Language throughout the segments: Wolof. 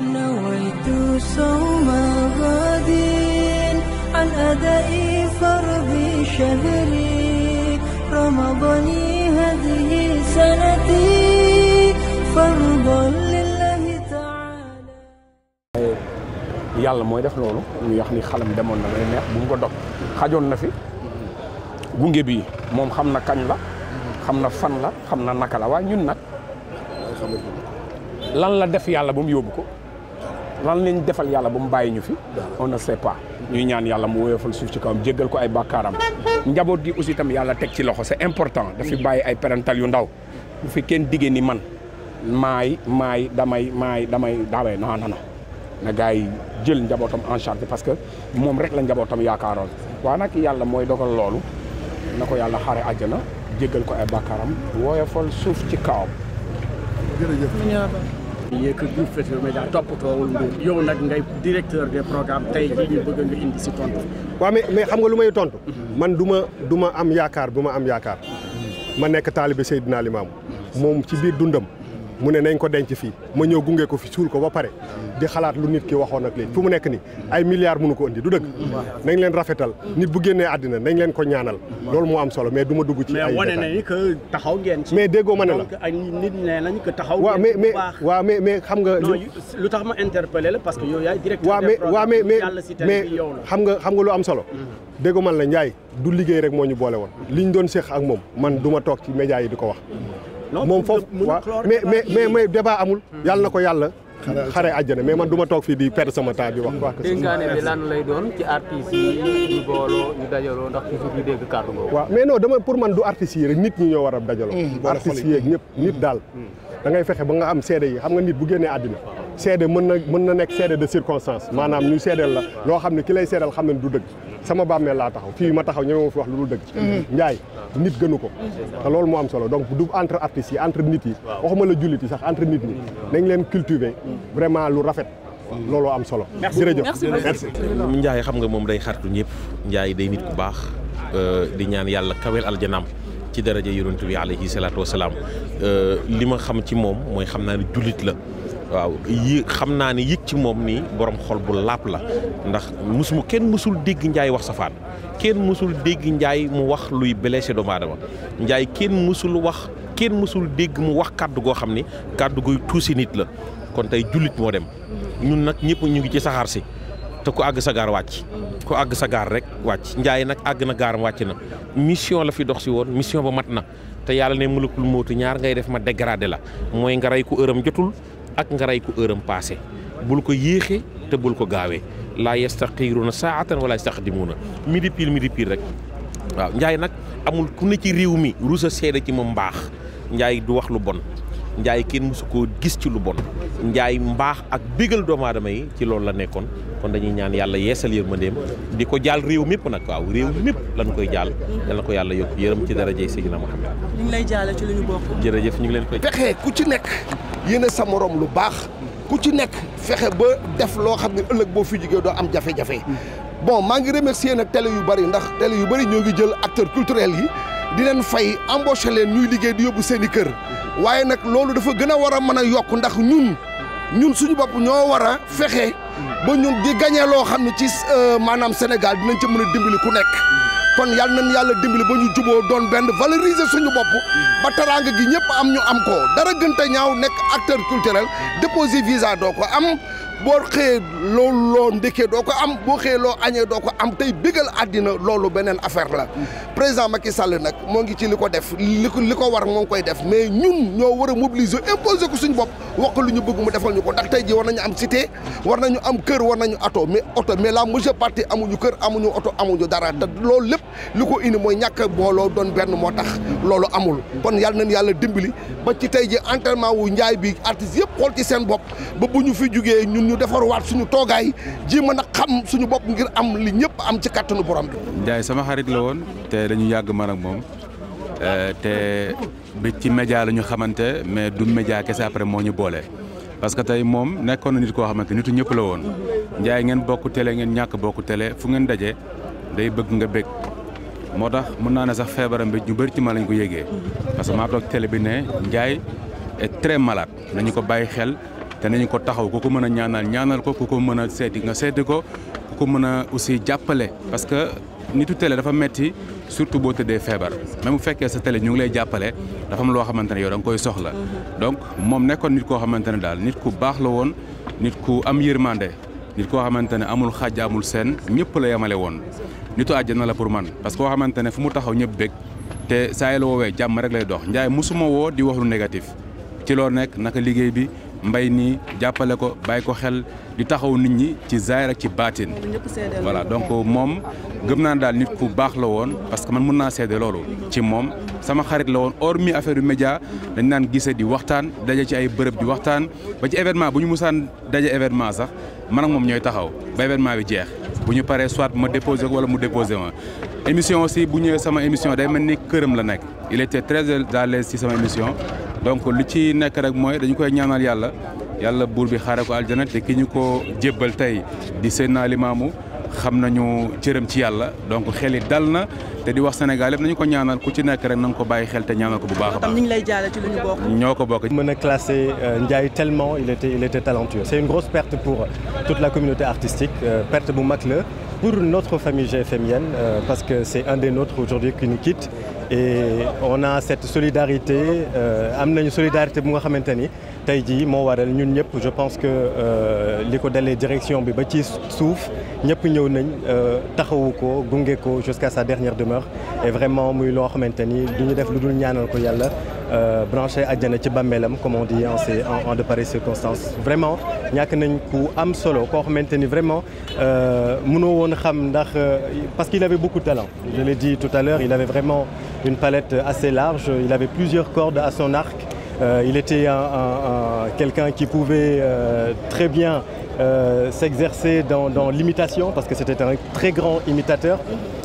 نويت صوم غد عن أداء فرض شهري رمضان هذه سنتي فرضا لله تعالى yàlla mooy def loolu ñu wax ni xalam demoon na lay neex bu mu ko dog xajoon na fi gunge bi moom xam na kañ la xam na fan la xam na naka la waaye ñun nag lan la def yàlla ba mu yóbbu ko lan lañ defal yàlla ba mu bàyyi ñu fi on ne se pas ñuy ñaan yàlla mu woyofal suuf ci kawam jéggal ko ay bàkkaaram njaboot gi aussi tam yàlla teg ci loxo c'est important dafi bàyyi ay parental yu ndaw bu fi kenn diggee ni man maay maay damay maay damay damay naana na na gars yi jël njabootam en charge parce que moom rek la njabootam yaakaaroon waa nag yàlla mooy dogal loolu na ko yàlla xaare àjjana jéggal ko ay bàkkaaram woyofal suuf ci kawam yee que groupe Futurs Médias toppatoowul mbir yow nag ngay directeur des programme tey jii ñu bëgg nga indi si tontu. waaw mais mais xam nga lu may tontu. man du ma am yaakaar bu ma am yaakaar. ma nekk taalibe Seydina Limaamu moom ci biir dundam. mu ne nañ ko denc fii ma ñëw gunge ko fi suul ko ba pare di xalaat lu nit ki waxoon ak léegi fu mu nekk ni ay milliards mënu ko indi du dëgg nañ leen rafetal nit bu génnee àddina nañ leen ko ñaanal loolu moo am solo mais du ma dugg ci ay wane na taxaw ngeen ci mais ma ne la ay nit nee nañ que taxaw waaw mais mais waaw mais mais xam nga lu tax ma interpellé la parce que yow yaay directeur waaw mais waaw mais mais xam nga xam nga lu am solo mm-hmm. déggoo man la Ndiaye du liggéey rek moo ñu boole woon liñ doon séq ak moom man du ma toog ci médias yi di ko wax moom foofu waaw mais mais mais mais débat amul yàlla na ko yàlla xare àjjana mais man duma toog fii di per sama taa bi wax dénkaane mm. bi lan lay doon ci artistes yi ñu ndax toujours waaw mais non dama pour man du artistes yi rek nit ñi ñoo war a dajaloo mm, artistes yi ak ñëpp nit daal mm. da ngay fexe ba nga am seede yi xam nga nit bu génnee àddina seede mën na mën na nekk seede de circonstance maanaam ñu seedeel la loo xam ne ki lay seedal xam ne du dëgg sama bàmmeel laa taxaw fii ma taxaw ñemewuma fi wax lu dul dëgg mhm. njaay nit gënu ko te loolu moo am solo donc du entre artistes yi entre nit yi waxuma la jullit yi sax entre nit ñi nañ leen cultiver mhm. vraiment lu rafet looloo am solo jërëjëf merci Ndiaye xam nga moom day xaritu ñëpp Ndiaye day nit bu baax euh, di ñaan yàlla kawel aljanaam ci daraja yonent bi alayhi salaatu wasalaam euh, li ma xam ci moom mooy xam naa ne jullit la waaw yi xam naa ni yëg ci moom nii borom xol bu làpp la ndax musuma kenn musul dégg Ndiaye wax safaan kenn musul dégg njaay mu wax luy blessé doomu aadama Ndiaye kenn musul wax kenn musul dégg mu wax kàddu goo xam ni kàddu guy tuusi nit la kon tey jullit moo dem ñun nag ñëpp ñu ngi ci saxaar si te ku àgg sa gaar wàcc ku àgg sa gaar rek wàcc Ndiaye nag àgg na gaaram wàcc na mission la fi dox si woon mission ba mat na te yàlla ne mulakul mootu ñaar ngay ma dégradé la mooy nga rey ku ëram jotul ak nga rey ko heure am bul ko yéexee te bul ko gaawee laa na saatan wala yastaqdimuuna midi pile midi pile rek waaw Njaay nag amul ku ne ci réew mi ruus a seede ci moom mbaax Njaay du wax lu bon Njaay kenn mësu koo gis ci lu bon Njaay mbaax ak bégal doomu aadama yi ci loolu la nekkoon kon dañuy ñaan yàlla yeesal yërmandeem di ko jaal réew mépp nag waaw réew mépp lan koy jaal yal na ko yàlla yokk yërëm ci darajay Seydina Muhammad ñu ci lu ñu bokk jërëjëf ñu ngi leen koy pexe ku ci nekk yéene sa moroom lu baax ku ci nekk fexe ba def loo xam ne ëllëg boo fi jugee doo am jafe-jafe. bon maa ngi remercier nag télé yu bari ndax télé yu bari ñoo ngi jël acteurs culturels yi di leen fay embauché leen ñuy liggéey di yóbbu seen i kër waaye nag loolu dafa gën a war a mën a yokk ndax ñun ñun suñu bopp ñoo war a fexe ba ñun di gagné loo xam ne ci euh, maanaam Sénégal dinañ ci mën a dimbali ku nekk. kon yal nañ yàlla dimbali ba ñu juboo doon benn valoriser suñu bopp ba teraanga gi ñëpp am ñu am ko dara gën te ñaaw nekk acteur culturel déposer visa doo ko am boo xëyee loolu loo ndékkee doo ko am boo xëyee loo añee doo ko am tey bégal àddina loolu beneen affaire la président Macky Sall nag moo ngi ci li ko def li ko li ko war moo ngi koy def mais ñun ñoo war a mobiliser imposer ko suñu bopp wax ko lu ñu bëgg mu defal ñu ko dax tey ji war nañu am cité war nañu am kër war nañu ato mais oto mais la majeure partie amuñu kër amuñu oto amuñu dara loolu lépp li ko indi mooy ñàkk booloo doon benn moo tax loolu amul kon yàlla nañ yàlla dimbali ba ci tey ji entraînement wu njaay bi artistes yëpp xool ci seen bopp ñu defarwaat suñu toogaay ji mën a suñu bopp ngir am li ñëpp am ci kattanu borom bi. Ndiaye sama xarit la woon te dañu yàgg man ak moom eh, te bi ci média la ñu xamante mais du média kese après moo ñu boole. parce que tey moom nekkoon na nit koo xamante nitu ñëpp la woon Ndiaye ngeen bokk télé ngeen ñàkk bokk télé fu ngeen daje day bëgg nga bëgg moo tax mën naa ne sax feebaram bi ñu bëri ci ma lañ ko yëgee parce maa toog télé bi ne Ndiaye est très malade nañu ko bàyyi xel. danañ ko taxaw ku ko mën a ñaanal ñaanal ko ku ko mën a seeti nga seeti ko ku ko mën a aussi jàppale parce que nitu télé dafa metti surtout boo tëddee feebar même bu fekkee sa télé ñu ngi lay jàppale dafa am loo xamante ne yow danga koy soxla donc moom nekkoon nit koo xamante ne daal nit ku baax la woon nit ku am yërmande nit koo xamante ne amul xaj amul seen ñëpp la yemale woon nitu na la pour man parce que koo xamante ne fu mu taxaw ñëpp bég te saa yi la woowee jàmm rek lay dox njaay mosuma woo di wax négatif ci loo nekk naka liggéey bi mbay nii jàppale ko bàyyi ko xel di taxaw nit ñi ci zaahir ak ci baatin voilà donc moom gëm naa daal nit ku baax la woon parce que man mun naa seede loolu ci moom sama xarit la woon hormis affaire yu média dañ naan gisee di waxtaan daje ci ay bërëb di waxtaan ba ci événement bu ñu musaan daje événement sax man ak moom ñooy taxaw ba événement bi jeex bu ñu paree soit ma déposé ko wala mu déposé ma émission si bu ñëwee sama émission day mel ni këram la nekk il était très à l'aise ci sama émission donc lu ci nekk rek mooy dañu koy ñaanal yàlla yàlla buur bi xaare ko aljana te ki ñu ko jébbal tey di Seydina Limaamu xam nañu cëram ci yàlla donc xel yi dal na te di wax Sénégal yëpp nañu ko ñaanal ku ci nekk rek na ko bàyyi xel te ñaanal ko bu baax a baax. ñu lay jaale ci lu ñu ñoo ko bokk. mën a classé euh, Ndiaye tellement il était il était talentueux. c'est une grosse perte pour euh, toute la communauté artistique euh, perte bu mag la. pour notre famille GFMienne, euh, parce que c'est un des nôtres aujourd'hui qui nous quitte. Et on a cette solidarité, euh, am nañu solidarité bu nga xamante ni tey jii moo waral ñun ñëpp je pense que euh, li ko dalee direction bi ba ci suuf ñëpp ñëw nañ euh, taxawu ko gunge ko jusqu'à sa dernière demeure. Et vraiment muy loo xamante ni du ñu def lu dul ñaanal ko yàlla. Euh, branché àjjana ci bàmmeelam comme on dit en ces en de pareilles circonstances vraiment ñàkk nañ ku am solo koo xamante ni vraiment euh, mënoo woon xam ndax euh, parce qu'il avait beaucoup de talent je l'ai dit tout à l'heure il avait vraiment une palette assez large il avait plusieurs cordes à son arc Euh, il était un, un, un, quelqu'un qui pouvait euh, très bien euh, s'exercer dans, dans l'imitation parce que c'était un très grand imitateur.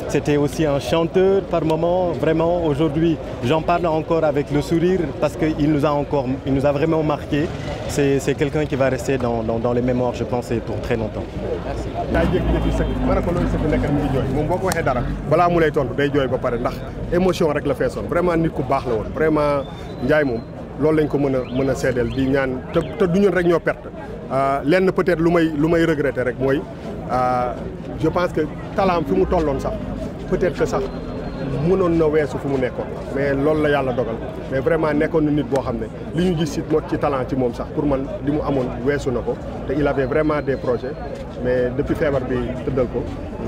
C'était aussi un chanteur par moment, vraiment aujourd'hui j'en parle encore avec le sourire parce qu'il nous a encore, il nous a vraiment marqué. C'est quelqu'un qui va rester dans, dans, dans, les mémoires je pense et pour très longtemps. Merci. daa jékki-jékki sëgg ma ne ko loolu sëgg nekkal mi ngi jooy moom boo ko waxee dara balaa mu lay tontu day jooy ba pare ndax émotion rek la feesoon vraiment nit ku baax la woon vraiment Ndiaye moom. loolu lañ ko mën a mën a seedeel di ñaan te te du ñun rek ñoo perte euh, lenn peut-être lu may lu may regretter rek mooy euh, je pense que talaam fi mu tolloon sax peut-être que sax mënoon na weesu fu mu nekkoon mais loolu la yàlla dogal mais vraiment nekkoon na nit boo xam ne li ñu gis si mo ci talent ci moom sax pour man li mu amoon weesu na ko te il avait vraiment des projet mais depuis feebar bi tëddal ko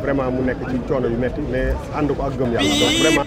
vraiment mu nekk ci coono yu metti mais ànd ko ak gëm yàlla donc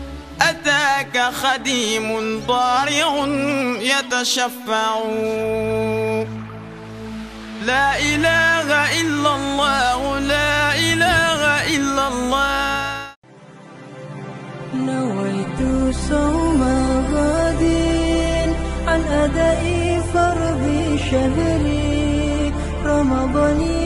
أتاك خديم ضارع يتشفع لا إله إلا الله لا إله إلا الله نويت صوم غد عن أداء فرض شهري رمضان